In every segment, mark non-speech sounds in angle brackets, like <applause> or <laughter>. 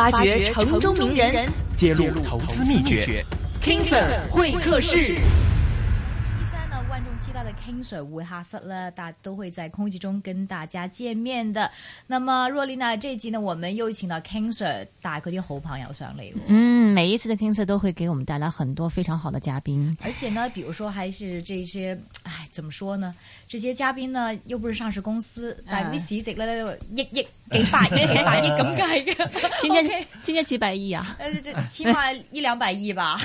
發掘城中名人，揭露投資秘訣。King Sir 會客室。星期三呢，萬眾期待的 King Sir 會客室啦，大都會在空氣中跟大家見面的。那麼若琳娜這一集呢，我們又請到 King Sir 帶佢啲好朋友上嚟。嗯。每一次的 King Sir、er、都會給我們帶來很多非常好的嘉賓，而且呢，比如說還是這些，唉，怎麼說呢？這些嘉賓呢，又不是上市公司，但啲市值咧，億億幾百億 <laughs> 幾百億咁計嘅。今天今天幾百億啊？起碼一兩百億吧。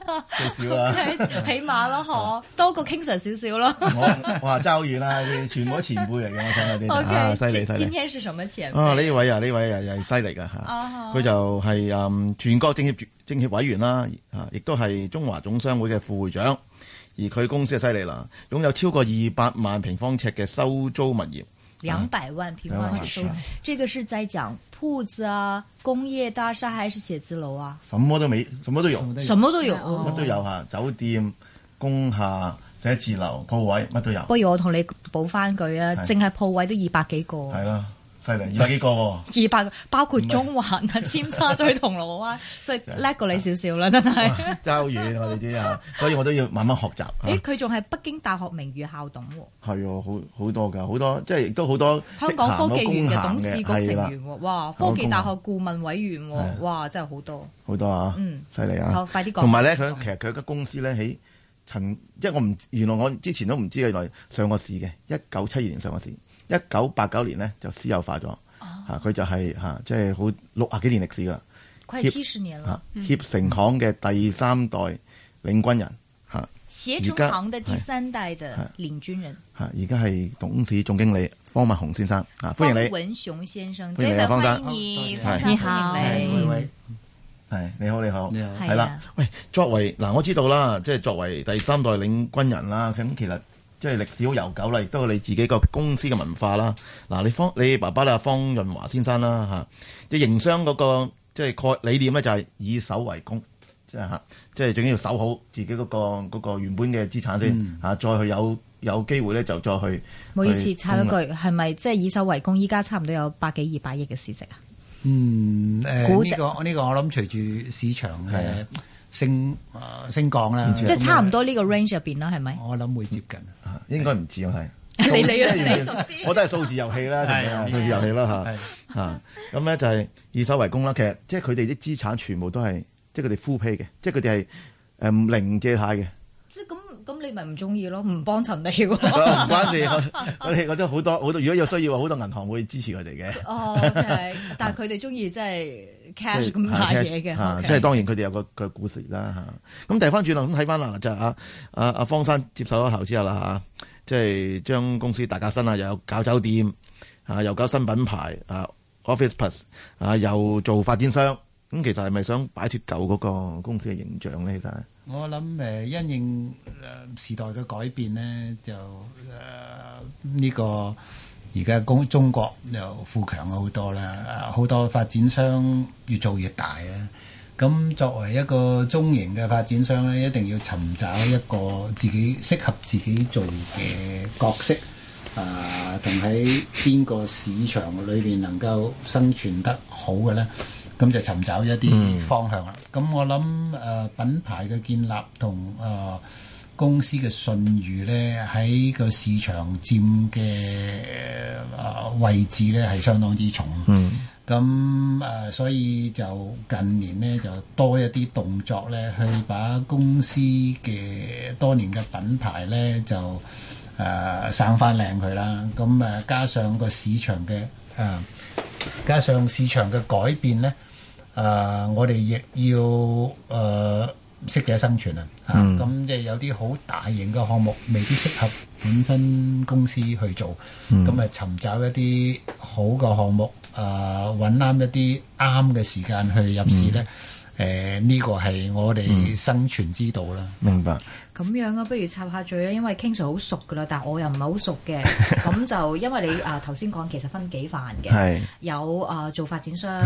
<laughs> 少啊 okay, 起碼了，起碼咯嗬，多過 King Sir 少少咯 <laughs> 、啊。我我差好遠啦，全部前輩嚟嘅，我睇下啲啊，犀利犀利。今天是什麼前輩啊？呢位啊呢位啊又係犀利嘅吓，佢、啊、就係、是嗯、全國政協。政協委員啦，啊，亦都係中華總商會嘅副會長，而佢公司嘅犀利啦，擁有超過二百萬平方尺嘅收租物業。兩百，啊、萬平方尺，收，啊、這個是在講鋪子啊，工業大廈還是寫字樓啊？什麼都沒，什麼都有，什麼都有，乜都有吓，哦啊，酒店、工廈、寫字樓、鋪位，乜都有。不如我同你補翻句啊，淨係鋪位都二百幾個。係啦。犀利，二百幾個喎！二百個，包括中環啊、尖沙咀、銅鑼灣，所以叻過你少少啦，真係。真係好遠，我哋啲啊，所以我都要慢慢學習。誒，佢仲係北京大學名譽校董喎。係啊，好好多㗎，好多即係亦都好多香港科技園嘅董事局成員喎。哇，科技大學顧問委員喎，哇，真係好多。好多啊！嗯，犀利啊！好，快啲講。同埋咧，佢其實佢有間公司咧喺曾，即係我唔原來我之前都唔知佢原來上過市嘅，一九七二年上過市。一九八九年呢，就私有化咗，啊佢就係吓即係好六啊幾年歷史噶，快七十年啦，協成行嘅第三代領軍人吓，協成行嘅第三代嘅領軍人吓，而家係董事總經理方文雄先生吓，歡迎你，文雄先生，歡迎你，歡迎你，你好，係你好，你好，你好係啦，喂，作為嗱我知道啦，即係作為第三代領軍人啦，咁其實。即係歷史好悠久啦，亦都係你自己個公司嘅文化啦。嗱，你方你爸爸咧方潤華先生啦嚇，即係營商嗰個即係概念咧，就係以守為攻，即係嚇，即係仲要守好自己嗰個嗰個原本嘅資產先嚇，嗯、再去有有機會咧就再去。唔好意思，插一句，係咪即係以守為攻，依家差唔多有百幾二百億嘅市值啊。嗯，誒、呃，估值、呢個呢個我呢個我諗隨住市場嘅。係升升降啦，即係差唔多呢個 range 入邊啦，係咪？我諗會接近，應該唔止係。你你你熟啲，我都係數字遊戲啦，數字遊戲啦吓吓。咁咧就係以守為攻啦。其實即係佢哋啲資產全部都係，即係佢哋 full pay 嘅，即係佢哋係誒零借貸嘅。即係咁咁，你咪唔中意咯？唔幫襯你。唔關事，我哋覺得好多好多。如果有需要，好多銀行會支持佢哋嘅。哦，但係佢哋中意即係。cash 咁買嘢嘅，啊，即係當然佢哋有個佢嘅故事啦嚇。咁調翻轉啦，咁睇翻啦，就係啊啊啊方生接受咗投資之後啦嚇，即係將公司大革新啊，又有搞酒店啊，又搞新品牌啊，Office Plus 啊，又做發展商。咁、啊、其實係咪想擺脱舊嗰個公司嘅形象咧？其實我諗誒、呃，因應時代嘅改變咧，就誒呢、呃呢個。而家公中國又富強好多啦，好多發展商越做越大啦。咁作為一個中型嘅發展商咧，一定要尋找一個自己適合自己做嘅角色，啊同喺邊個市場裏邊能夠生存得好嘅呢，咁就尋找一啲方向啦。咁、嗯、我諗誒、呃、品牌嘅建立同啊。呃公司嘅信譽呢，喺個市場佔嘅位置呢，係相當之重。咁啊、嗯，所以就近年呢，就多一啲動作呢，去把公司嘅多年嘅品牌呢，就、呃、啊省翻靚佢啦。咁啊，加上個市場嘅啊，加上市場嘅、呃、改變呢，啊、呃，我哋亦要啊。呃適者生存啊！咁、嗯、即係有啲好大型嘅項目未必適合本身公司去做，咁咪、嗯、尋找一啲好嘅項目，誒搵啱一啲啱嘅時間去入市咧。誒呢、嗯呃呢個係我哋生存之道啦、嗯。明白。咁樣啊，不如插下嘴啦，因為 King Sir 好熟噶啦，但我又唔係好熟嘅，咁就因為你啊頭先講其實分幾範嘅，有啊做發展商，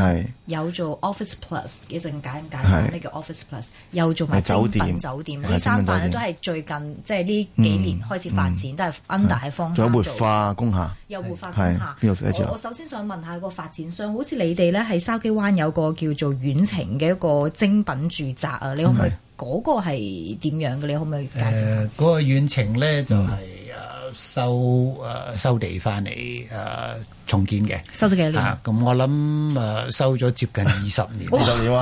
有做 Office Plus 一陣解唔解釋咩叫 Office Plus，又做埋酒店酒店，呢三範都係最近即係呢幾年開始發展，都係 under 喺方。有活化工廈，又活化工廈。邊度寫我我首先想問下個發展商，好似你哋咧喺筲箕灣有個叫做遠程嘅一個精品住宅啊，你可唔可以？嗰個係點樣嘅？你可唔可以解釋嗰、呃嗰個遠程咧就係、是、誒、啊、收誒、啊、收地翻嚟誒重建嘅、啊啊，收咗幾多年？咁我諗誒收咗接近二十年，二十年，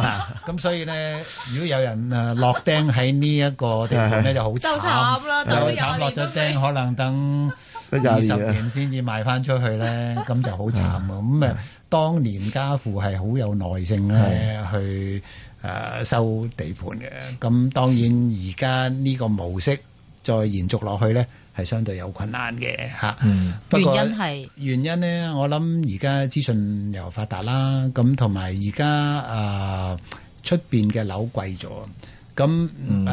咁所以呢， <laughs> 如果有人誒、啊、落釘喺呢一個地方咧， <laughs> 就好慘， <laughs> 就慘啦！對落咗釘， <laughs> 可能等。二十年先至賣翻出去咧，咁就好慘啊！咁啊， <laughs> 是當年家父係好有耐性咧，去誒收地盤嘅。咁當然而家呢個模式再延續落去咧，係相對有困難嘅吓。嗯，不過原因係原因咧，我諗而家資訊又發達啦，咁同埋而家誒出邊嘅樓貴咗。呃咁啊、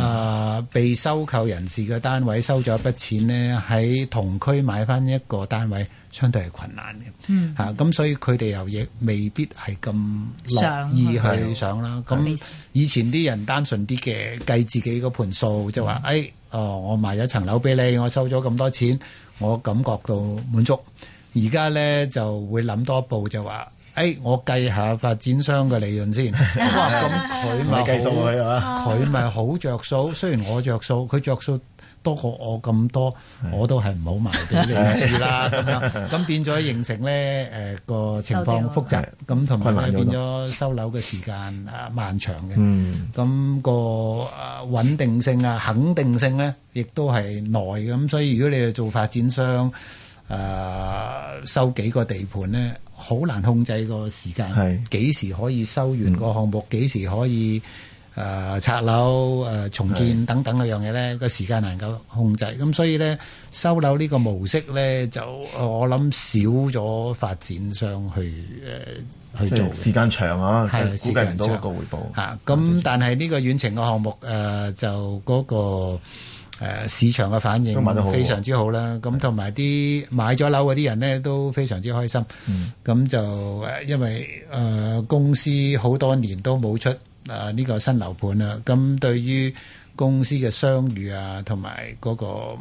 呃，被收購人士嘅單位收咗一筆錢呢，喺同區買翻一個單位，相對係困難嘅咁、嗯啊、所以佢哋又亦未必係咁樂意去想啦。咁以前啲人單純啲嘅計自己個盤數，就話，嗯、哎，哦，我賣咗層樓俾你，我收咗咁多錢，我感覺到滿足。而家咧就會諗多步就，就話。誒，我計下發展商嘅利潤先。哇，咁佢咪好，佢咪好着數。雖然我着數，佢着數多過我咁多，我都係唔好賣俾你哋啦。咁樣，咁變咗形成呢，誒個情況複雜，咁同埋變咗收樓嘅時間啊漫長嘅。嗯，咁個穩定性啊、肯定性呢，亦都係耐。咁所以如果你哋做發展商，誒。收幾個地盤呢，好難控制個時間，幾是時可以收完個項目，幾、嗯、時可以、呃、拆樓、呃、重建等等嗰樣嘢呢？個是時間難夠控制。咁所以呢，收樓呢個模式呢，就我諗少咗發展商去誒、呃、去做。時間長啊，是的估計唔到個回報。咁報但係呢個遠程嘅項目、呃、就嗰、嗰個。誒，市場嘅反應非常之好啦，咁同埋啲買咗樓嗰啲人咧都非常之開心。咁就因為誒公司好多年都冇出誒呢個新樓盤啦，咁對於公司嘅商譽啊，同埋嗰個誒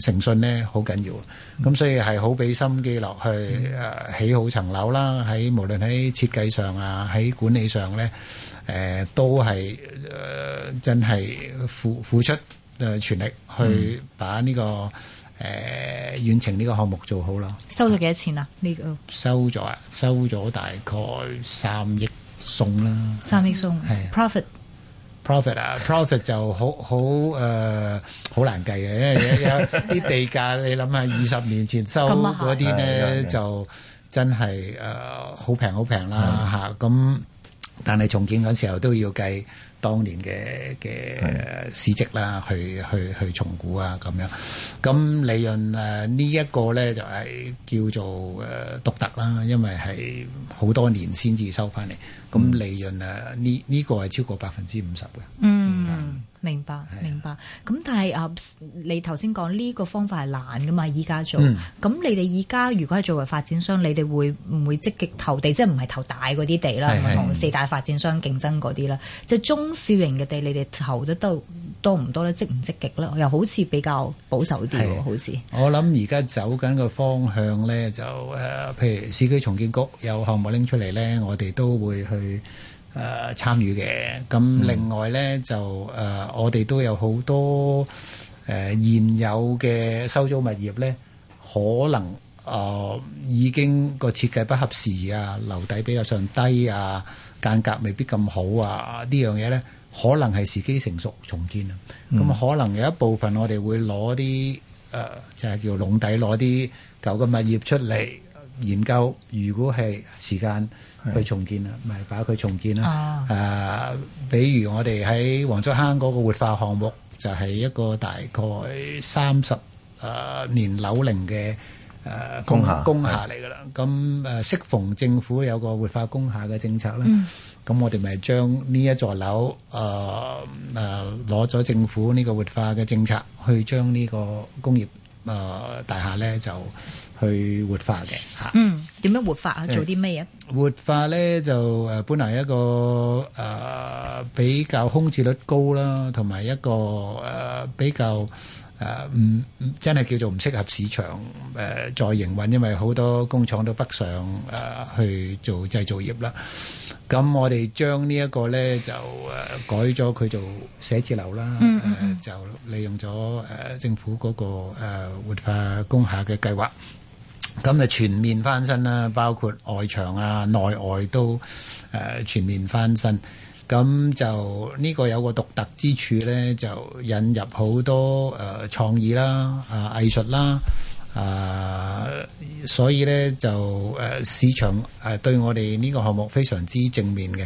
誠信咧，好緊要。咁所以係好俾心機落去誒，起好層樓啦。喺無論喺設計上啊，喺管理上咧，誒都係誒真係付付出。就全力去把呢，這個誒，嗯呃，遠程呢個項目做好啦。收咗幾多錢啊？呢，這個收咗啊，收咗大概三億送啦。三億送係 profit，profit 啊，profit 就好好誒，好，呃，難計嘅，因為 <laughs> 有啲地價你諗下二十年前收嗰啲呢， <laughs> 就真係誒好平好平啦嚇。咁的但係重建嗰時候都要計。當年嘅嘅市值啦，去去去重估啊咁樣，咁利潤誒呢一個咧就係叫做誒獨特啦，因為係好多年先至收翻嚟，咁利潤誒呢呢個係超過百分之五十嘅，嗯。明白，明白。咁但係啊，你頭先講呢個方法係難㗎嘛？依家做，咁你哋依家如果係作為發展商，你哋會唔會積極投地？即係唔係投大嗰啲地啦，同四大發展商競爭嗰啲啦？即係中小型嘅地，你哋投得都多唔多咧？積唔積極咧？又好似比較保守啲喎，好似。我諗而家走緊個方向咧，就誒、呃，譬如市區重建局有項目拎出嚟咧，我哋都會去。誒參與嘅，咁另外咧就誒我哋都有好多誒現有嘅收租物業咧，可能誒已經個設計不合時宜啊，樓底比較上低啊，間隔未必咁好啊，呢樣嘢咧可能係時機成熟重建啊，咁可能有一部分我哋會攞啲誒就係叫籠底攞啲舊嘅物業出嚟研究，如果係時間，去重建啦，咪把佢重建啦。誒、啊呃，比如我哋喺黃竹坑嗰個活化項目，就係、是、一個大概三十誒年樓齡嘅誒工廈廈工廈嚟噶啦。咁誒是、嗯、適逢政府有個活化工廈嘅政策咧，咁、嗯、我哋咪將呢一座樓誒誒攞咗政府呢個活化嘅政策，去將呢個工業誒、呃、大廈咧就去活化嘅吓。啊嗯。點樣活化啊？做啲咩嘢？活化咧就誒，本來一個誒比較空置率高啦，同埋一個誒比較誒唔唔真係叫做唔適合市場誒再營運，因為好多工廠都北上誒去做製造業啦。咁我哋將呢一個咧就誒改咗佢做寫字樓啦，嗯，就利用咗誒政府嗰個誒活化工廈嘅計劃。咁咪全面翻新啦，包括外牆啊、內外都、呃、全面翻新。咁就呢、呢個有個獨特之處咧，就引入好多、呃、創意啦、啊藝術啦啊，所以咧就、啊、市場誒、啊、對我哋呢個項目非常之正面嘅、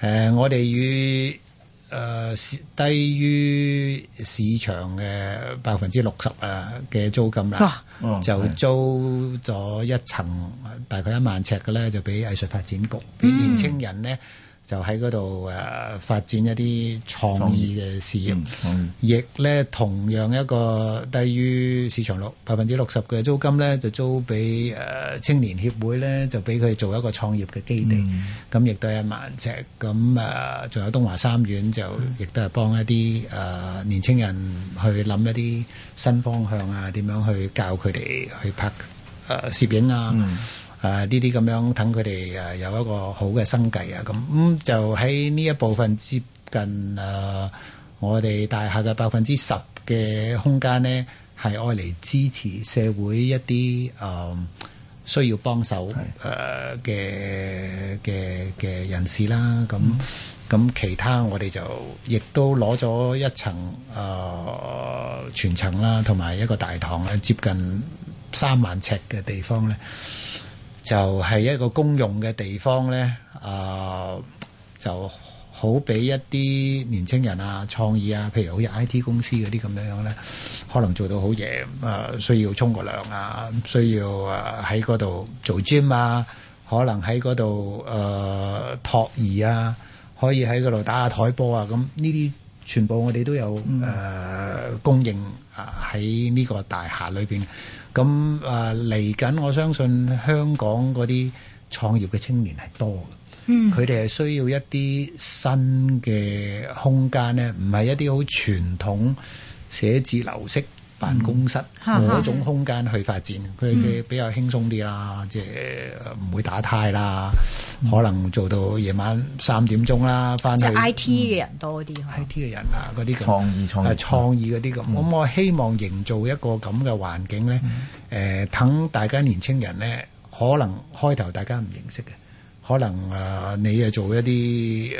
啊。我哋與誒、呃、低於市場嘅百分之六十啊嘅租金啦、哦，就租咗一層，大概一萬尺嘅咧，就俾藝術發展局，俾年輕人咧。嗯就喺嗰度誒發展一啲創意嘅事業，亦、嗯嗯、呢同樣一個低於市場六百分之六十嘅租金呢就租俾誒、呃、青年協會呢就俾佢做一個創業嘅基地。咁亦都係萬尺。咁誒，仲、呃、有東華三院就亦、嗯、都係幫一啲誒、呃、年青人去諗一啲新方向啊，點樣去教佢哋去拍誒、呃、攝影啊。嗯啊！呢啲咁樣等佢哋誒有一個好嘅生計啊！咁、嗯、咁就喺呢一部分接近誒、啊、我哋大廈嘅百分之十嘅空間呢，係愛嚟支持社會一啲誒、啊、需要幫手誒嘅嘅嘅人士啦。咁、啊、咁、嗯、其他我哋就亦都攞咗一層誒、啊、全層啦，同、啊、埋一個大堂咧，接近三萬呎嘅地方咧。就係一個公用嘅地方咧，啊、呃，就好俾一啲年青人啊、創意啊，譬如好似 I T 公司嗰啲咁樣樣咧，可能做到好嘢，呃、需要個啊，需要沖個涼啊，需要啊喺嗰度做 gym 啊，可能喺嗰度誒託兒啊，可以喺嗰度打下台波啊，咁呢啲。全部我哋都有、呃、供應喺呢個大廈裏面。咁嚟緊，呃、我相信香港嗰啲創業嘅青年係多嘅，佢哋係需要一啲新嘅空間呢，唔係一啲好傳統寫字樓式。辦公室各種空間去發展，佢佢比較輕鬆啲啦，即係唔會打呔啦，可能做到夜晚三點鐘啦，翻去。即係 IT 嘅人多啲，IT 嘅人啊，嗰啲創意創誒創意嗰啲咁。咁我希望營造一個咁嘅環境咧，誒，等大家年青人咧，可能開頭大家唔認識嘅，可能啊，你係做一啲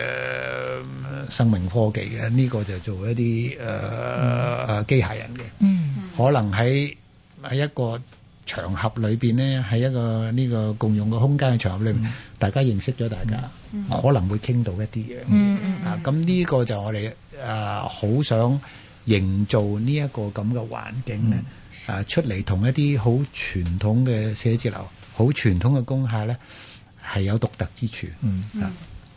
誒生命科技嘅，呢個就做一啲誒誒機械人嘅，嗯。可能喺喺一個場合裏邊呢，喺一個呢個共用嘅空間嘅場合裏邊，大家認識咗大家，可能會傾到一啲嘢。啊，咁呢個就我哋誒好想營造呢一個咁嘅環境呢。誒出嚟同一啲好傳統嘅寫字樓、好傳統嘅工廈呢，係有獨特之處。嗯。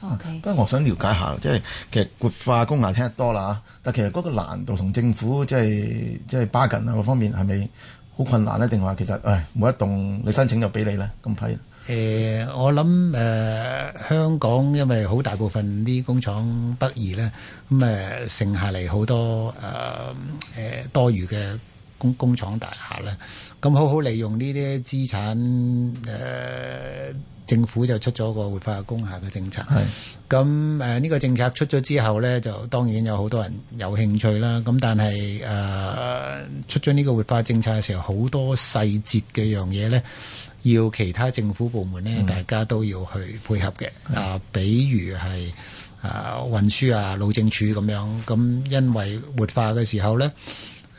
OK，、啊、不過我想了解一下，即係、嗯、其實活化工廈聽得多啦嚇，但其實嗰個難度同政府即係即係 bargain 啊嗰方面係咪好困難呢？定話、嗯、其實誒、哎、每一棟你申請就俾你咧咁批？誒、呃、我諗誒、呃、香港因為好大部分啲工廠北移咧，咁誒剩下嚟好多誒、呃呃、多餘嘅工工廠大廈咧，咁好好利用呢啲資產誒。呃政府就出咗個活化工廈嘅政策，咁誒呢個政策出咗之後呢，就當然有好多人有興趣啦。咁但係誒、呃、出咗呢個活化政策嘅時候，好多細節嘅樣嘢呢，要其他政府部門呢，嗯、大家都要去配合嘅。啊的、呃，比如係啊、呃、運輸啊、路政署咁樣。咁、呃、因為活化嘅時候呢，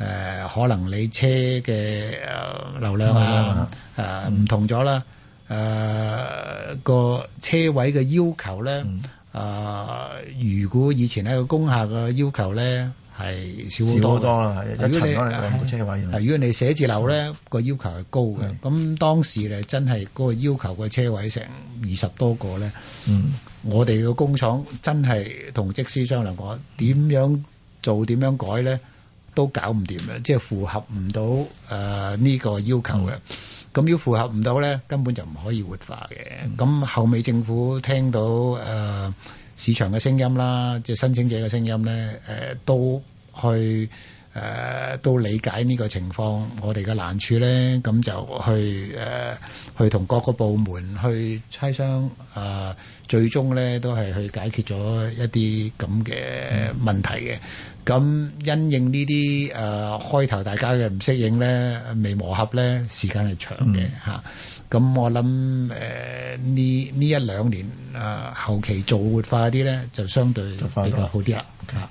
誒、呃、可能你車嘅、呃、流量啊誒唔、嗯呃、同咗啦。誒個、呃、車位嘅要求咧，誒、呃、如果以前喺個工廈嘅要求咧係少好多啦。多一車位如果你係、啊、如果你寫字樓咧，個要求係高嘅。咁當、嗯、時咧，真係嗰個要求個車位成二十多個咧。我哋個工廠真係同則師商量過點樣做，點樣改咧，都搞唔掂嘅，即係符合唔到誒呢個要求嘅。咁要符合唔到呢，根本就唔可以活化嘅。咁後尾政府聽到誒市場嘅聲音啦，即係申請者嘅聲音呢，誒都去。誒、呃、都理解呢個情況，我哋嘅難處呢，咁就去誒、呃，去同各個部門去磋商。誒、呃，最終呢都係去解決咗一啲咁嘅問題嘅。咁、嗯、因應呢啲誒開頭大家嘅唔適應呢，未磨合呢，時間係長嘅嚇。咁、嗯啊、我諗誒呢呢一兩年啊，後期做活化啲呢，就相對比較好啲啦。法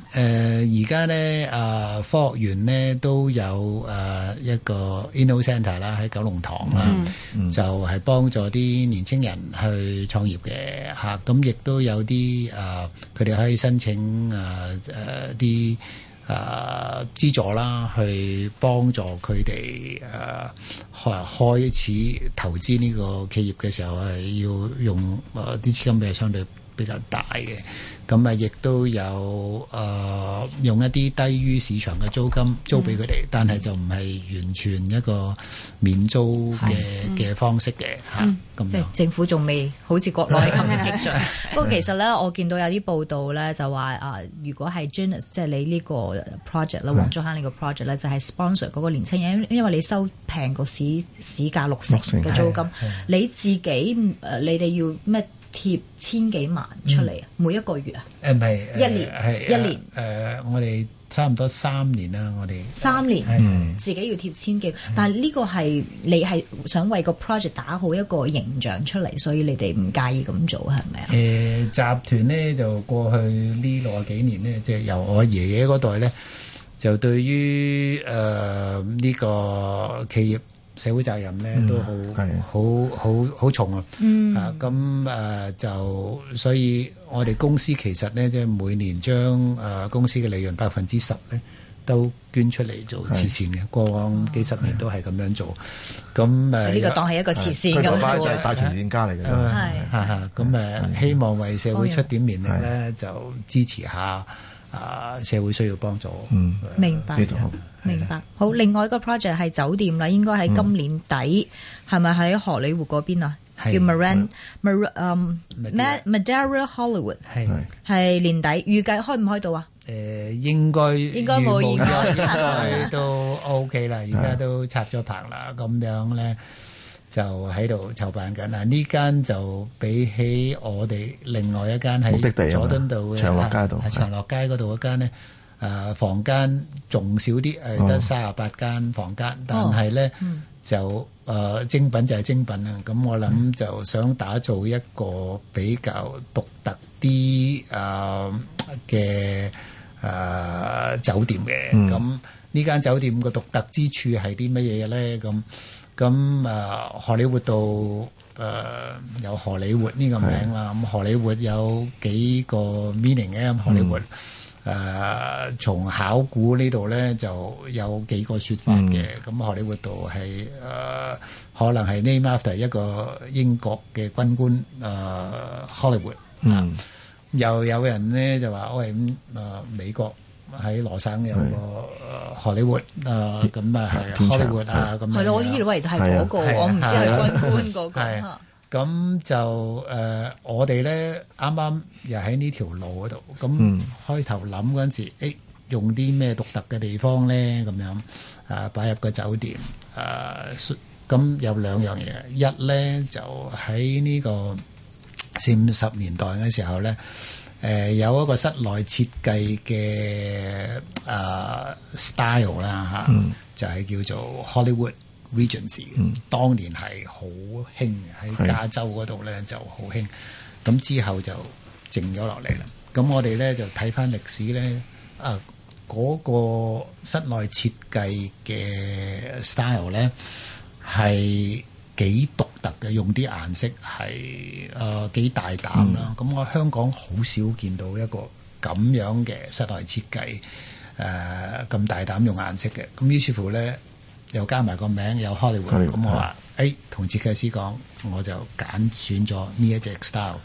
誒而家呢，啊科學園呢都有誒、啊、一個 Inno Center 啦，喺九龍塘啦，mm hmm. 就係幫助啲年青人去創業嘅嚇。咁亦都有啲啊，佢哋可以申請啊啲啊資助啦，去幫助佢哋誒開始投資呢個企業嘅時候係要用啲資金比較相對，比較大嘅，咁啊，亦都有誒、呃、用一啲低於市場嘅租金租俾佢哋，嗯、但係就唔係完全一個免租嘅嘅、嗯、方式嘅嚇，咁、啊嗯、樣即係政府仲未好似國內咁嘅激進。 <laughs> <laughs> 不過其實咧，我見到有啲報道咧，就話誒、呃，如果係 Genesis 即係你呢個 project 啦，黃竹坑呢個 project 咧，就係 sponsor 嗰個年輕人，因為你收平個市市價六成嘅租金，你自己誒、呃、你哋要咩？貼千幾萬出嚟啊！每一個月啊，一年係一年。誒是年、呃，我哋差唔多三年啦，我哋三年、嗯、自己要貼千幾萬，嗯、但係呢個係你係想為個 project 打好一個形象出嚟，所以你哋唔介意咁做係咪啊？集團呢就過去呢六十幾年呢，即、就、係、是、由我爺爺嗰代咧，就對於誒呢、呃這個企業。社會責任呢都好好好好重啊！啊咁誒就所以我哋公司其實呢，即係每年將誒公司嘅利潤百分之十呢都捐出嚟做慈善嘅，過往幾十年都係咁樣做。咁呢個當係一個慈善咁樣。佢老闆就係大慈善家嚟㗎。係咁誒，希望為社會出點綿力呢，就支持下。啊！社會需要幫助。嗯，明白，明白。好，另外一個 project 係酒店啦，應該喺今年底，係咪喺荷里活嗰邊啊？叫 Maran Mar Madera Hollywood 係年底預計開唔開到啊？誒，應該應該冇延誤，都 OK 啦，而家都拆咗棚啦，咁樣咧。就喺度籌辦緊嗱，呢間就比起我哋另外一間喺佐敦道嘅、啊、長樂街度，長樂街嗰度嗰間咧，啊啊、房間仲少啲，誒得三十八間房間，哦、但係咧、嗯、就誒、啊、精品就係精品啊！咁我諗就想打造一個比較獨特啲誒嘅誒酒店嘅，咁呢間酒店個獨特之處係啲乜嘢咧？咁咁啊、呃，荷里活道，誒、呃、有荷里活呢個名啦。咁的荷里活有幾個 meaning 嘅，荷里活誒從考古這裏呢度咧就有幾個說法嘅。咁、嗯、荷里活道係誒、呃、可能係 name after 一個英國嘅軍官誒、呃、Hollywood 啊，嗯、又有人咧就話喂咁誒美國。喺羅省有個荷里活啊，咁啊係荷里活啊，咁係咯，我以為就係嗰個，我唔知係溫官嗰個。咁就誒，我哋咧啱啱又喺呢條路嗰度，咁開頭諗嗰陣時，用啲咩獨特嘅地方咧，咁樣啊擺入個酒店啊，咁有兩樣嘢，一咧就喺呢個四五十年代嘅時候咧。誒、呃、有一個室內設計嘅誒、呃、style 啦嚇、嗯，就係叫做 Hollywood Regency 嘅、嗯，當年係好興喺加州嗰度咧就好興，咁的之後就靜咗落嚟啦。咁我哋咧就睇返歷史咧，誒、呃、嗰、那個室內設計嘅 style 咧係。是幾獨特嘅，用啲顏色係誒幾大膽啦。咁、嗯、我香港好少見到一個咁樣嘅室內設計誒咁、呃、大膽用顏色嘅。咁於是乎呢，又加埋個名，有荷里活，咁我話，誒同設計師講，我就揀選咗呢一隻 style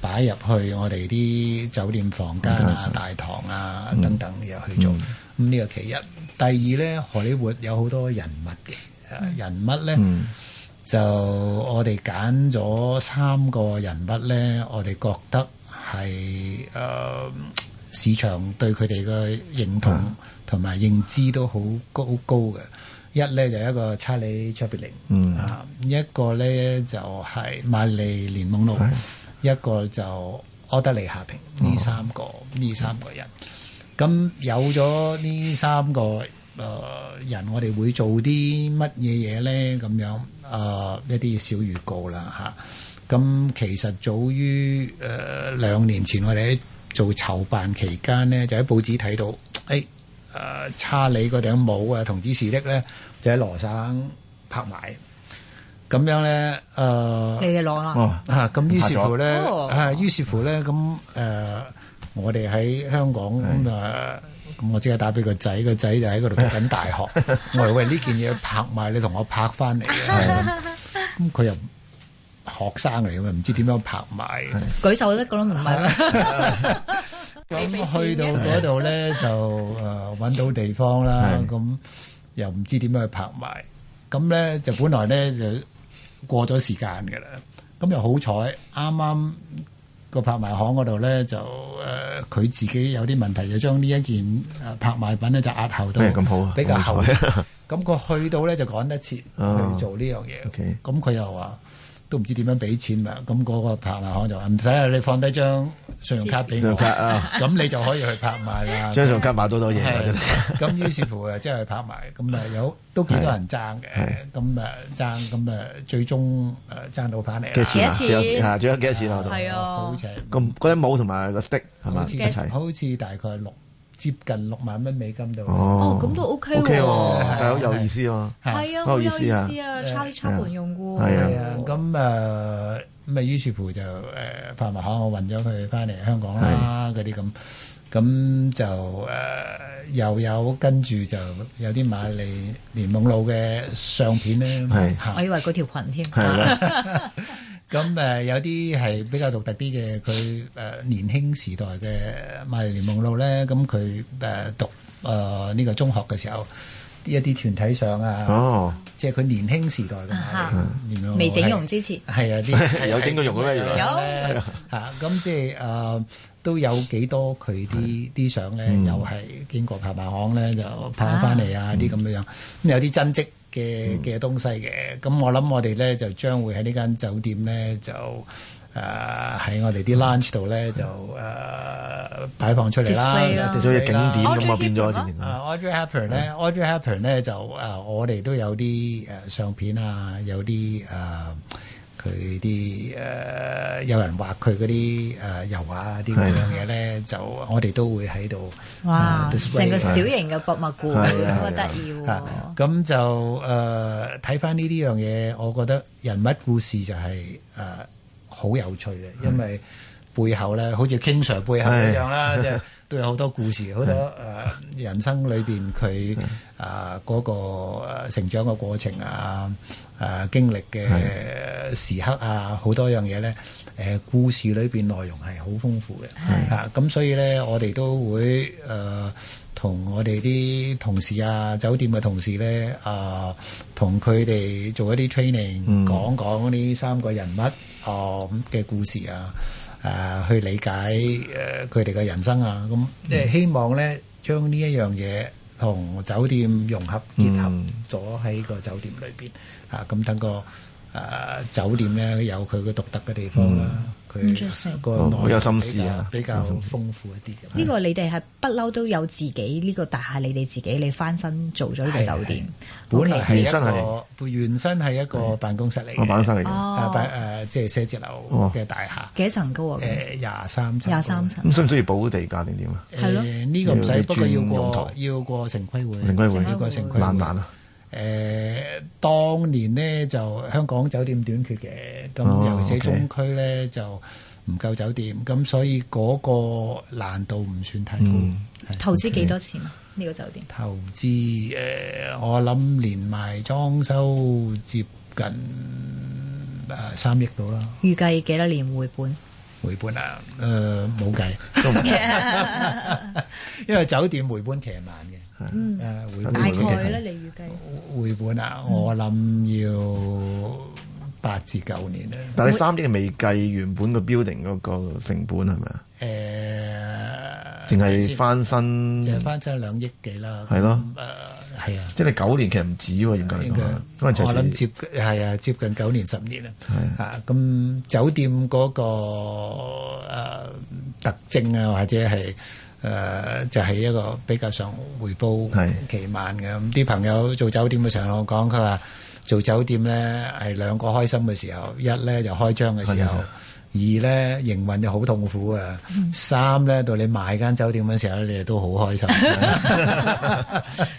擺入去我哋啲酒店房間啊、嗯、大堂啊、嗯、等等又去做。咁呢、嗯、個其一，第二呢，荷里活有好多人物嘅人物呢。嗯就我哋揀咗三個人物咧，我哋覺得係、呃、市場對佢哋嘅認同同埋認知都好高高嘅。Okay. 一咧就一個查理卓別林，嗯啊、mm，hmm. 一個咧就係、是、馬利連蒙路，Okay. 一個就柯德利夏平，呢三個呢、oh. 三個人，咁有咗呢三個。誒、呃、人，我哋會做啲乜嘢嘢呢？咁樣誒、呃、一啲小預告啦嚇。咁、啊、其實早於誒、呃、兩年前，我哋喺做籌辦期間呢，就喺報紙睇到，誒誒差利嗰頂帽啊，同枝士的呢，就喺羅省拍賣。咁樣呢，誒、呃，你哋攞啦嚇。咁、哦啊啊、於是乎呢，於是乎呢，咁誒我哋喺香港我即刻打俾個仔，個仔就喺嗰度讀緊大學。我話：喂，呢件嘢拍賣，你同我拍翻嚟嘅。咁佢又學生嚟，唔知點樣拍賣。舉手一個都唔係。咁去到嗰度咧，就誒揾到地方啦。咁又唔知點樣去拍賣。咁咧就本來咧就過咗時間㗎啦。咁又好彩啱啱。個拍賣行嗰度咧就誒，佢、呃、自己有啲問題，就將呢一件誒、啊、拍賣品咧就押後到，嗯、好比較後。咁佢 <laughs> 去到咧就趕得切去做呢樣嘢，咁佢、哦 okay、又話。都唔知點樣俾錢嘛？咁嗰個拍賣行就話唔使啊！你放低張信用卡俾我，咁你就可以去拍賣啦。張信用卡買多多嘢，咁於是乎誒即係去拍賣，咁誒有都幾多人爭嘅，咁誒爭，咁誒最終誒爭到翻嚟啦。幾多錢？嚇，仲有幾多錢喺度？係啊，好似。個隻帽同埋個 stick 係嘛好似大概六。接近六萬蚊美金度哦，咁都 OK 喎，係好有意思喎，係啊，好有意思啊，抄啲差盤用嘅，係啊，咁誒咁誒於是乎就誒拍賣行，我運咗佢翻嚟香港啦，嗰啲咁，咁就誒又有跟住就有啲瑪麗蓮夢露嘅相片咧，係，我以為嗰條裙添。咁誒、呃、有啲係比較獨特啲嘅，佢誒、呃、年輕時代嘅瑪麗蓮夢露咧，咁佢誒讀誒呢、呃這個中學嘅時候，一啲團體相啊，哦、即係佢年輕時代嘅，未、嗯、是整容之前係啊，有整過 <laughs> 容嘅咩？ <laughs> 有咧咁、嗯嗯、即係誒、呃、都有幾多佢啲啲相咧，又係經過拍賣行咧就拍翻嚟啊啲咁嘅樣，咁有啲真跡。嘅嘅東西嘅，咁、嗯、我諗我哋咧就將會喺呢間酒店咧就喺我哋啲 lunch 度咧就啊擺放出嚟啦，嘅景點咁啊變咗我變啦。Audrey Hepburn 咧，Audrey Hepburn 呢，就啊，我哋都有啲誒相片啊，有啲誒。呃佢啲誒有人畫佢嗰啲誒油畫啲咁樣嘢咧，的就我哋都會喺度哇，成、uh，個小型嘅博物館咁得意咁就誒睇翻呢啲樣嘢，我覺得人物故事就係誒好有趣嘅，的因為背後咧，好似 King Sir 背後一樣啦，即係的都有好多故事，好的多誒、呃、人生裏邊佢啊嗰個成長嘅過程啊。誒、啊、經歷嘅時刻啊，好的多樣嘢呢，誒、呃、故事裏面內容係好豐富嘅。的啊，咁所以呢，我哋都會誒同、呃、我哋啲同事啊、酒店嘅同事呢，啊、呃，同佢哋做一啲 training、嗯、講講呢三個人物哦嘅故事啊，呃、去理解誒佢哋嘅人生啊。咁即係希望呢，將呢一樣嘢同酒店融合結合咗喺個酒店裏面。嗯。咁等個誒酒店咧，有佢嘅獨特嘅地方啦。佢有心思啊，比較豐富一啲。呢個你哋係不嬲都有自己呢個大廈，你哋自己你翻身做咗呢個酒店。本嚟係一個原身係一個辦公室嚟嘅。我辦公室嚟嘅。哦，即係寫字樓嘅大廈。幾層高啊？廿三層。廿三層。咁需唔需要補地價定點啊？係咯，呢個唔使，不過要過要過城規會。城規會要過城規。難唔難啊？誒、呃，當年呢，就香港酒店短缺嘅，咁尤、哦、其中區呢，哦 okay. 就唔夠酒店，咁所以嗰個難度唔算太高。嗯、是投資幾多錢啊？呢 Okay. 個酒店投資誒、呃，我諗連埋裝修接近三、呃、億到啦。預計幾多年回本？回本啊？誒、呃、冇計，因為酒店回本期慢嘅。嗯，誒，大概咧？你預計回本啊？我諗要八至九年咧。但你三億未計原本個 building 嗰個成本係咪啊？誒，淨係翻新，淨係翻新兩億幾啦。係咯，係啊。即係你九年其實唔止喎，應該應該。我諗接係啊，接近九年十年啦。啊，咁酒店嗰個誒特徵啊，或者係。誒、呃、就係、是、一個比較上回報期晚嘅，咁啲的朋友做酒店嘅時候我講，佢話做酒店咧係兩個開心嘅時候，一咧就開張嘅時候，的二咧營運就好痛苦啊，嗯、三咧到你買間酒店嘅時候咧，你哋都好開心。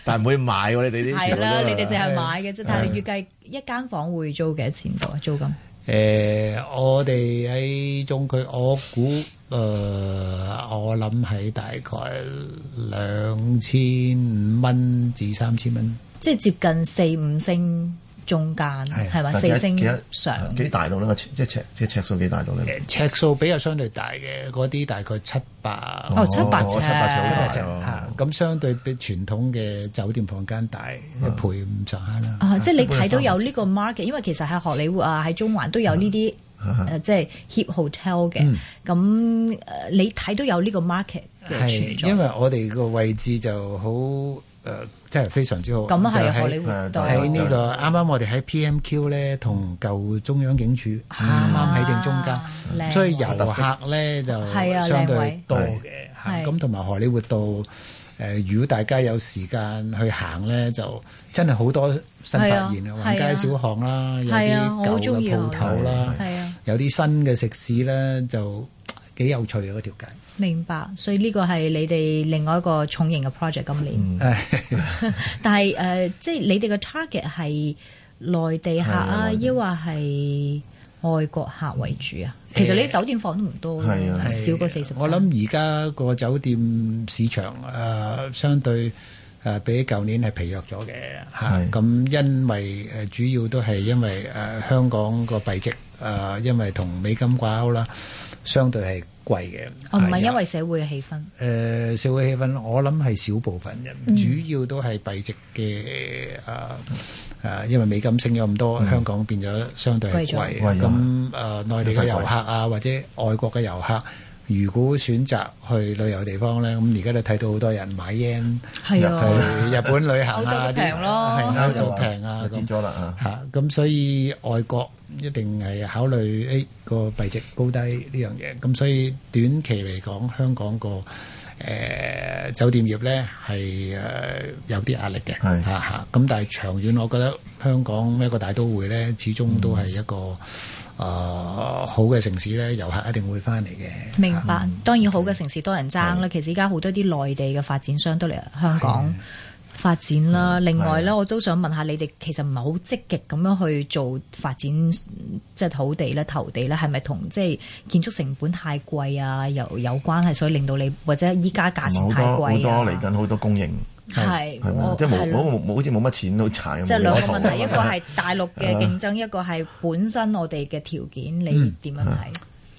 但唔會買喎，你哋啲係啦，你哋淨係買嘅啫。的但係你預計一間房會租幾多錢度啊？租金？誒、呃，我哋喺中區，我估誒、呃，我諗係大概兩千五蚊至三千蚊，即係接近四五升。中間係嘛？四星上幾大到咧？即係尺即係尺數幾大到呢？尺數比較相對大嘅嗰啲大概七百哦，七百尺啊！咁、哦、相對比傳統嘅酒店房間大 <music> 一倍咁上下啦。啊，啊！即係你睇到有呢個 market，因為其實喺荷里活啊、喺中環都有呢啲即係 hip hotel 嘅。咁誒、啊，啊、你睇到有呢個 market 嘅、嗯、因為我哋個位置就好。誒，真係非常之好。咁係荷里活道喺呢個啱啱，我哋喺 PMQ 呢，同舊中央警署啱啱喺正中間，所以遊客呢就相對多嘅。咁同埋荷里活道誒，如果大家有時間去行呢，就真係好多新發現啊！橫街小巷啦，有啲舊嘅鋪頭啦，有啲新嘅食肆呢，就。幾有趣啊！嗰條街，明白，所以呢個係你哋另外一個重型嘅 project 今年。嗯、 <laughs> 但係誒、呃，即係你哋嘅 target 係內地客啊，抑或係外國客為主啊？嗯、其實你啲酒店房都唔多，少過四十。係啊，係啊，我諗而家個酒店市場誒、呃，相對、呃、比舊年係疲弱咗嘅嚇。咁的因為、呃、主要都係因為、呃、香港個幣值、呃、因為同美金掛鈎啦。呃相對係貴嘅，哦，唔係因為社會嘅氣氛，誒、呃、社會氣氛，我諗係少部分人，嗯、主要都係幣值嘅啊啊，因為美金升咗咁多，嗯、香港變咗相對係貴，咁啊、呃、內地嘅遊客啊，或者外國嘅遊客。如果選擇去旅遊地方咧，咁而家都睇到好多人買日圓去、啊、日本旅行啊，啲酒店平咯，啱就平啊。咁所以外國一定係考慮 A、哎、個幣值高低呢樣嘢。咁所以短期嚟講，香港個誒、呃、酒店業咧係誒有啲壓力嘅。係啊哈。咁、嗯、但係長遠，我覺得香港一個大都會咧，始終都係一個。嗯啊、呃，好嘅城市呢，遊客一定會返嚟嘅。明白，嗯、當然好嘅城市對多人爭啦。對其實而家好多啲內地嘅發展商都嚟香港發展啦。對另外呢，對我都想問下你哋，其實唔係好積極咁樣去做發展，即係、就是、土地咧、投地咧，係咪同即係建築成本太貴啊？有有關係，所以令到你或者依家價錢太貴啊、好多嚟緊好多供應。係，即係冇好似冇乜錢好賺。即係兩個問題，一個係大陸嘅競爭，一個係本身我哋嘅條件，你點樣睇？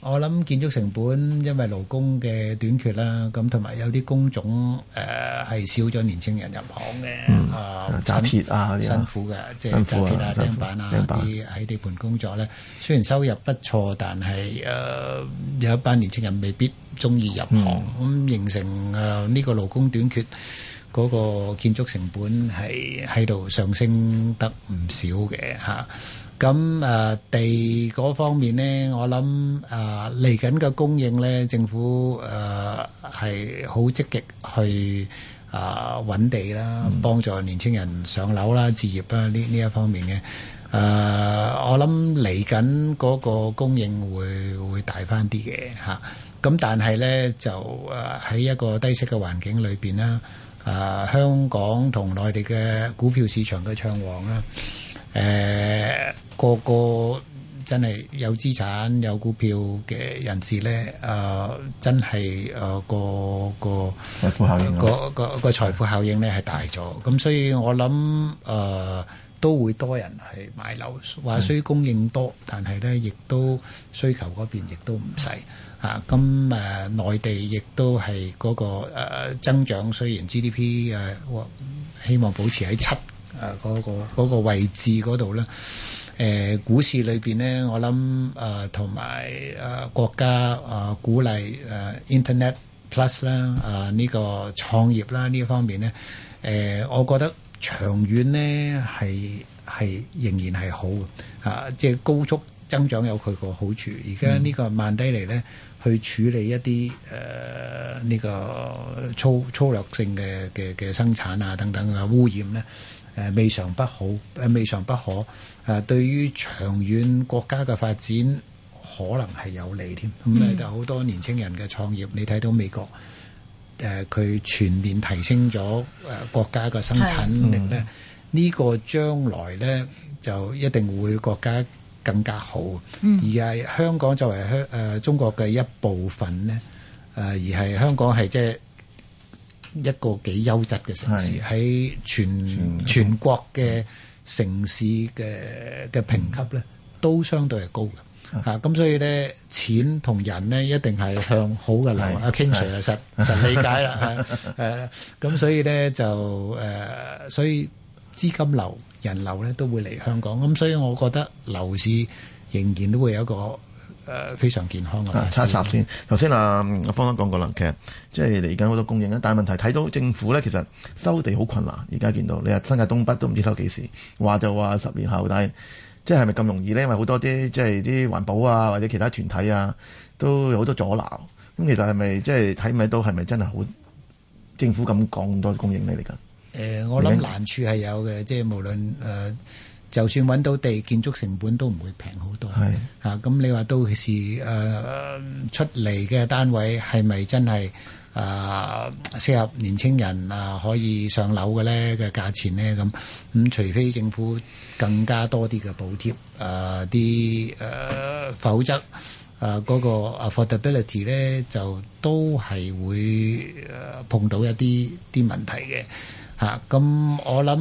我諗建築成本因為勞工嘅短缺啦，咁同埋有啲工種誒係少咗年青人入行嘅啊，紮鐵啊，辛苦嘅，即係紮鐵啊、釘板啊，啲喺地盤工作咧，雖然收入不錯，但係誒有一班年青人未必中意入行，咁形成誒呢個勞工短缺。嗰個建築成本係喺度上升得唔少嘅嚇。咁啊，地嗰方面咧，我諗啊嚟緊嘅供應咧，政府誒係好積極去啊揾地啦，幫助年輕人上樓啦、置業啦呢呢一方面嘅誒，我諗嚟緊嗰個供應會會大翻啲嘅嚇。咁但係咧就誒喺一個低息嘅環境裏邊啦。啊、呃！香港同內地嘅股票市場嘅暢旺啦，誒、呃、個個真係有資產有股票嘅人士咧，啊、呃、真係啊、呃、個個個個財財富效應咧係、呃啊、大咗，咁、嗯、所以我諗啊、呃、都會多人係買樓，話雖供應多，嗯、但係咧亦都需求嗰邊亦都唔細。啊，咁誒內地亦都係嗰、嗰個、啊、增長，雖然 GDP 誒、啊、希望保持喺七誒嗰個嗰、嗰個、位置嗰度啦，誒股市裏面呢，我諗誒同埋誒國家誒、啊、鼓勵誒 Internet Plus 啦、啊，呢、呢個創業啦呢方面呢，誒、啊、我覺得長遠呢係係仍然係好啊，即係高速增長有佢個好處，而家呢個慢低嚟呢。去處理一啲誒呢個粗粗略性嘅嘅嘅生產啊，等等啊，污染呢誒、呃、未嘗不好誒、呃、未嘗不可誒、呃、對於長遠國家嘅發展可能係有利添咁啊！有好、嗯、多年青人嘅創業，你睇到美國誒佢、呃、全面提升咗誒、呃、國家嘅生產力呢，呢、嗯、個將來呢，就一定會國家更加好，而係香港作為香誒中國嘅一部分咧，誒而係香港係即係一個幾優質嘅城市，喺全全國嘅城市嘅嘅評級咧都相對係高嘅嚇。咁所以咧錢同人咧一定係向好嘅流。阿 King Sir 實實理解啦，誒咁所以咧就誒，所以資金流。人流咧都會嚟香港，咁所以我覺得樓市仍然都會有一個非常健康嘅。差插先，頭先啊，方剛講過啦，其實即係嚟緊好多供應啊，但係問題睇到政府咧，其實收地好困難。而家見到你話新界東北都唔知收幾時，話就話十年後，但係即係係咪咁容易呢？因為好多啲即係啲環保啊或者其他團體啊都有好多阻撓，咁其實係咪即係睇唔睇到係咪真係好政府咁講咁多供應你嚟緊？呃、我諗難處係有嘅，Yeah. 即係無論、呃、就算揾到地，建築成本都唔會平好多。咁 Yeah.、啊、你話到時、呃、出嚟嘅單位係咪真係啊、呃、適合年青人啊、呃、可以上樓嘅咧嘅價錢咧？咁咁除非政府更加多啲嘅補貼啊啲、呃呃、否則啊嗰、呃嗰個 affordability 咧就都係會碰到一啲啲問題嘅。嗱，咁我諗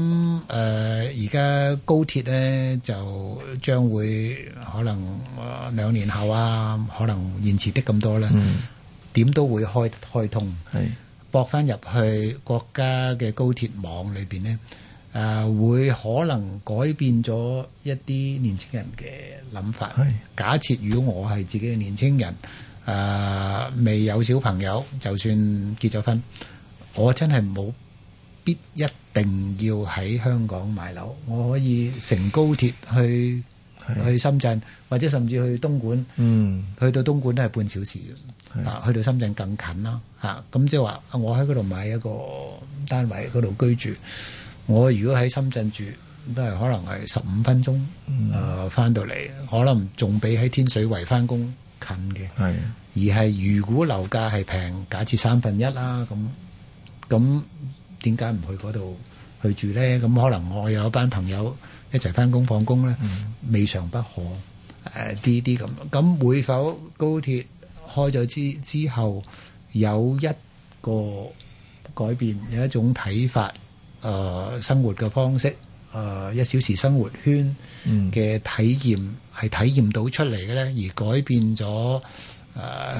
誒，而家高鐵咧就將會可能兩年後啊，可能延遲啲咁多啦。點都會開開通，駁返入去國家嘅高鐵網裏邊咧。誒，會可能改變咗一啲年青人嘅諗法。假設如果我係自己嘅年青人，誒，未有小朋友，就算結咗婚，我真係冇。必一定要喺香港買樓，我可以乘高鐵去的去深圳，或者甚至去東莞，嗯、去到東莞都係半小時的啊，去到深圳更近啦。咁即係話我喺嗰度買一個單位，嗰度居住，我如果喺深圳住都係可能係十五分鐘返翻、嗯呃、到嚟，可能仲比喺天水圍翻工近嘅。的而係如果樓價係平，假設三分一啦、啊，咁咁。點解唔去嗰度去住呢？咁可能我有一班朋友一齊返工放工呢，未嘗不可誒。啲啲咁咁會否高鐵開咗之之後有一個改變，有一種睇法誒生活嘅方式誒一小時生活圈嘅體驗係體驗到出嚟嘅呢，而改變咗誒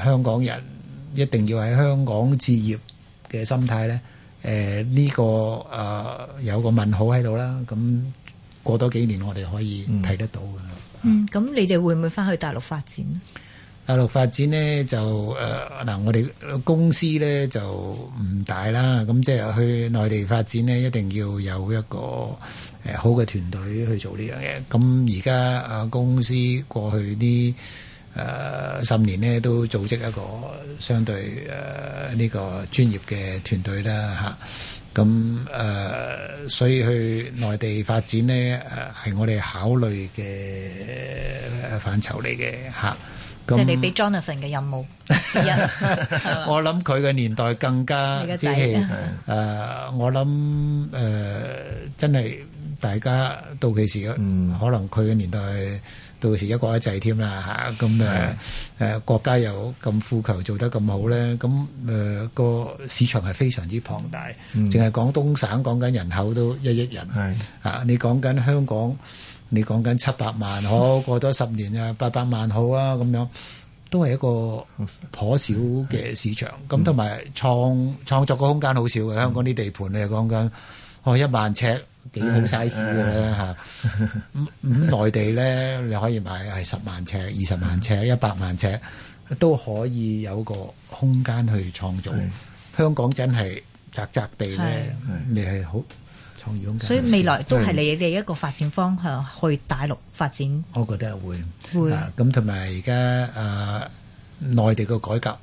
香港人一定要喺香港置業嘅心態呢。誒呢個誒有個問號喺度啦，咁過多幾年我哋可以睇得到㗎。嗯，咁你哋會唔會翻去大陸發展？大陸發展呢就誒嗱，我哋公司呢就唔大啦，咁即係去內地發展呢，一定要有一個誒好嘅團隊去做呢樣嘢。咁而家誒公司過去啲。誒十年咧都組織一個相對誒呢個專業嘅團隊啦，嚇。咁誒所以去內地發展咧誒係我哋考慮嘅範疇嚟嘅嚇。即係你俾 Jonathan 嘅任務，我諗佢嘅年代更加即係誒我諗誒真係大家到其時嗯可能佢嘅年代。到時一國一制添啦，咁誒國家又咁富求做得咁好咧，咁誒個市場係非常之龐大，淨係廣東省講緊人口都一億人，啊的、嗯、你講緊香港，你講緊七百萬，好過多十年啊八百萬好啊，咁樣都係一個頗少嘅市場，咁同埋創創作個空間好少嘅，香港啲地盤你係講緊哦一萬尺。幾好 size 㗎啦吓，咁內 <laughs> 地咧，你可以買係十萬尺、二十萬尺、一百萬尺都可以有個空間去創造。是的香港真係窄窄地咧，是的你係好創意空間，所以未來都係你哋一個發展方向，去大陸發展，我覺得係會。會的。咁同埋而家啊，呃、內地嘅改革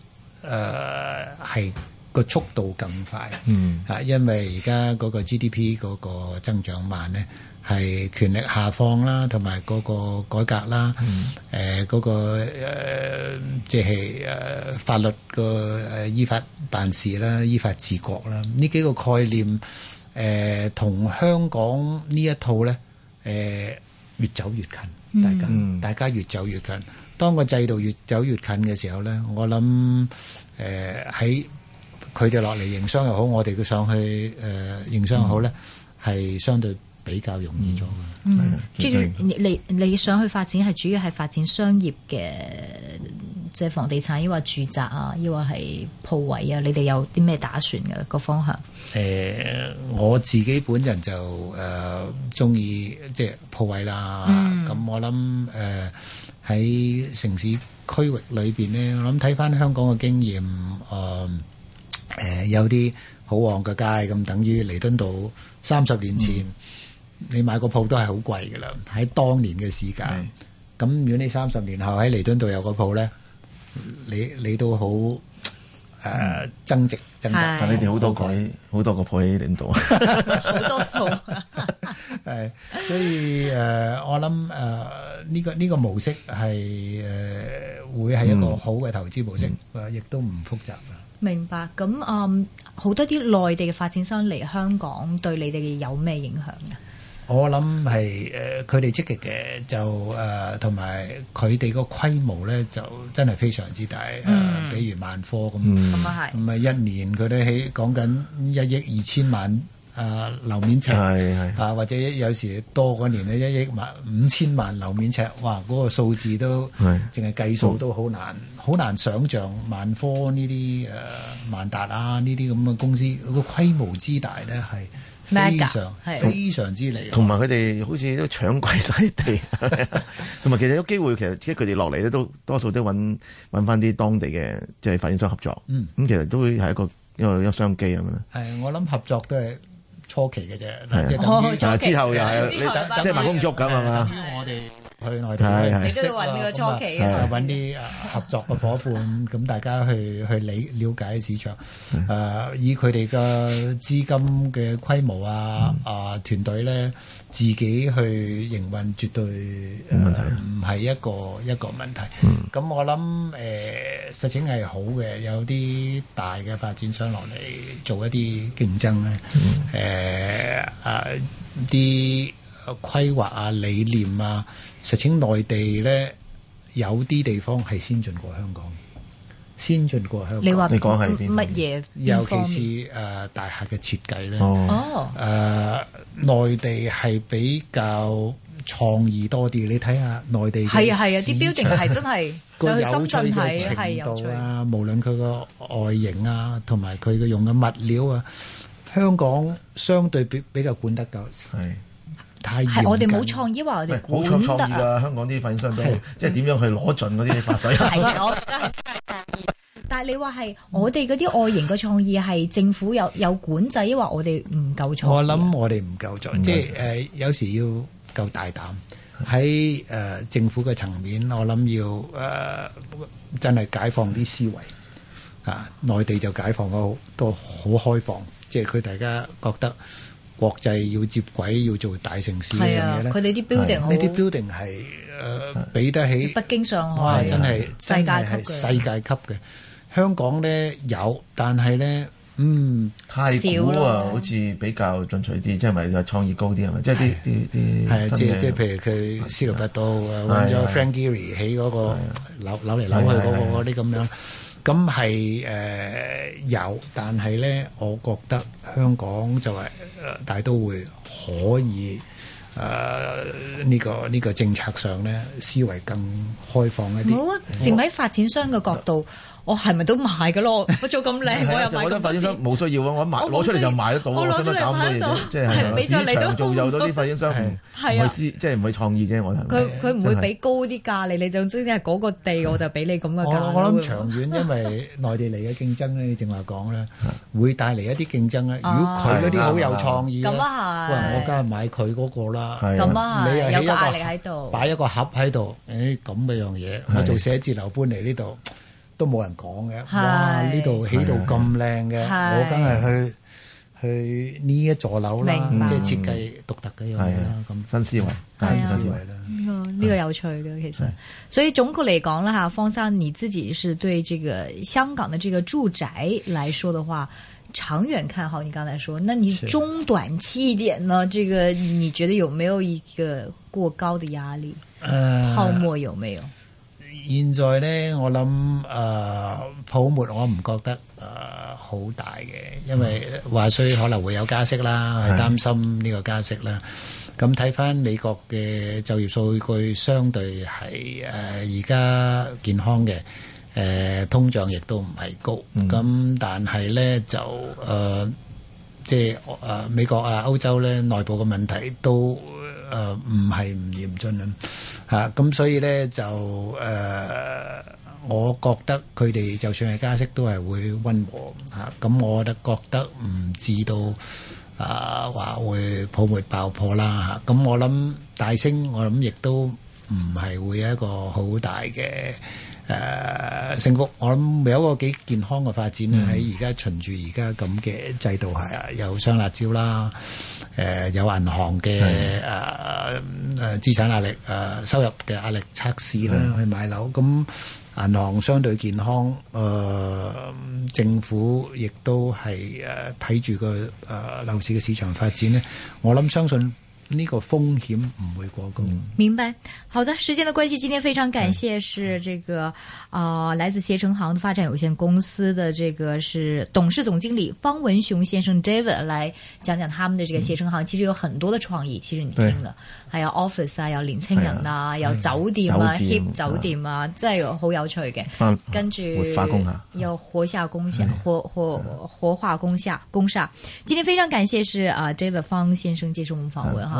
誒係。呃是個速度更快，啊、嗯，因為而家嗰個 GDP 嗰個增長慢呢，係權力下放啦，同埋嗰個改革啦，誒嗰、嗯呃嗰個即係誒法律個誒依法辦事啦，依法治國啦，呢幾個概念誒同、呃、香港呢一套呢，誒、呃、越走越近，大家、嗯、大家越走越近。當個制度越走越近嘅時候呢，我諗誒喺。呃佢哋落嚟營商又好，我哋嘅上去誒營、呃、商又好咧，係、嗯、相對比較容易咗嘅。嗯，主要、嗯嗯、你你，你，你想去發展係主要係發展商業嘅，即、就、係、是、房地產，抑或住宅啊，抑或係鋪位啊？你哋有啲咩打算嘅個方向？誒、呃，我自己本人就誒中意即係鋪位啦。咁、嗯、我諗誒喺城市區域裏邊呢，我諗睇翻香港嘅經驗，呃誒，有啲好旺嘅街，咁等於彌敦道三十年前，你買個鋪都係好貴噶啦，喺當年嘅市價。咁如果你三十年後喺彌敦道有個鋪咧，你你都好誒增值、增值。但係你哋好多個，好多個鋪喺呢度。好多鋪，誒，所以誒，我諗誒呢個呢個模式係誒會係一個好嘅投資模式，誒亦都唔複雜。明白，咁啊好多啲內地嘅發展商嚟香港，對你哋有咩影響啊？我諗係誒，佢哋積極嘅就同埋佢哋個規模咧，就真係非常之大。呃、比如萬科咁，咁唔係，樣嗯、一年佢哋喺講緊一億二千萬啊樓、呃、面尺，啊是的 或者有時多嗰年咧一億五千萬樓面尺，哇嗰、嗰個數字都係，淨係是的 計數都好難。好難想像萬科呢啲誒萬達啊呢啲咁嘅公司，個規模之大咧，係非常 Mega，非常之厲害，同埋佢哋好似都搶鬼曬地了。同埋 <laughs> <laughs> 其實有機會，其實即係佢哋落嚟咧，都多數都搵揾翻啲當地嘅即係發展商合作，咁、嗯、其實都會係一個，因為有商機咁樣。係我諗合作都係初期嘅啫，開開的、哦、之後又係即係慢工足㗎嘛嘛。去內地，你都要揾呢個初期嘅，揾啲合作嘅伙伴，咁大家去去理了解市場。誒，以佢哋嘅資金嘅規模啊，啊團隊咧，自己去營運絕對冇問題，唔係一個一個問題。咁我諗誒，實情係好嘅，有啲大嘅發展商落嚟做一啲競爭咧。誒啊啲規劃啊，理念啊。實踐內地呢，有啲地方係先進過香港，先進過香港。你話你講係啲乜嘢？尤其是、呃、大廈嘅設計呢，哦，誒、呃、內地係比較創意多啲。你睇下內地係啊係啊，啲 building 係真係個有趣嘅係有，啊！無論佢個外形啊，同埋佢嘅用嘅物料啊，香港相對比比較管得夠。係我哋冇創意，話我哋管得。冇創意噶啊、香港啲發展商都即係點樣去攞盡嗰啲發水。係、嗯，攞嘅係創意，但係你話係我哋嗰啲外形嘅創意係政府有有管制，話我哋唔夠創。我諗我哋唔夠創，夠即係誒、呃、有時要夠大膽喺誒政府嘅層面，我諗要誒、呃、真係解放啲思維啊！內地就解放到都好開放，即係佢大家覺得。國際要接軌，要做大城市呢樣嘢咧。佢哋啲 building 好，呢啲 building 係誒比得起，北京、上海，真係世界級世界級嘅。香港咧有，但係咧，嗯，太少啊，好似比較進取啲，即係咪話創意高啲係咪？即係啲啲啲。係啊，即係即係，譬如佢斯諾達到揾咗 Frank Gehry 起嗰個扭扭嚟扭去嗰個嗰啲咁樣。咁係誒有，但係咧，我覺得香港就係、是呃、大都會可以誒呢、呃呢個呢、呢個政策上咧，思維更開放一啲。好啊，是喺發展商嘅角度。我嗯我係咪都賣㗎咯？我做咁靚，我又賣。我覺得發展商冇需要，我賣攞出嚟又賣得到，我使乜搞乜嘢？即係市場造就咗啲發展商唔唔去思，即係唔去創意啫。我佢佢唔會俾高啲價你。你總之係嗰個地，我就俾你咁嘅價。我我諗長遠，因為內地嚟嘅競爭咧，你正話講咧，會帶嚟一啲競爭咧。如果佢嗰啲好有創意，咁啊我梗係買佢嗰個啦。咁啊係。有壓力喺度。擺一個盒喺度，誒咁嘅樣嘢，我做寫字樓搬嚟呢度。都冇人講嘅，哇！呢度起到咁靚嘅，我梗係去去呢一座樓啦，即係設計獨特嘅樣嘢啦。係啊，咁新思維，新新思維啦。呢個有趣嘅其實，所以總括嚟講啦嚇，方生，你自己是對這個香港的這個住宅來說的話，長遠看好。你剛才說，那你中短期一點呢？這個你覺得有沒有一個過高的壓力？泡沫有沒有？現在呢，我諗誒泡沫，我唔覺得誒好大嘅，因為話說可能會有加息啦，係擔心呢個加息啦。咁睇返美國嘅就業數據，相對係誒而家健康嘅，誒通脹亦都唔係高。咁但係呢就誒，即係誒美國啊、歐洲呢內部嘅問題都。誒唔係唔嚴峻嚇，咁、啊、所以呢，就誒、啊，我覺得佢哋就算係加息都係會溫和嚇，咁、啊、我都覺得唔至到啊話會泡沫爆破啦，咁、啊、我諗大升，我諗亦都唔係會有一個好大嘅。誒，升幅、呃、我諗未有一個幾健康嘅發展，喺而家循住而家咁嘅制度係啊，有雙辣招啦，誒、呃、有銀行嘅誒誒資產壓力誒、呃、收入嘅壓力測試啦，去買樓咁、嗯、銀行相對健康，誒、呃、政府亦都係誒睇住個誒樓市嘅市場發展呢，我諗相信。呢個風險唔會過高。明白，好的，時間的關係，今天非常感謝是這個啊，來自協成行發展有限公司的這個是董事總經理方文雄先生 David 來講講他們的這個協成行，其實有很多的創意。其實你聽的，還有 office 啊，要年輕人啊，要酒店啊，hip 酒店啊，再有好有趣嘅。跟住活化工啊，要活化工廈活活活化工廈，工廈。今天非常感謝是啊，David 方先生接受我們訪問哈。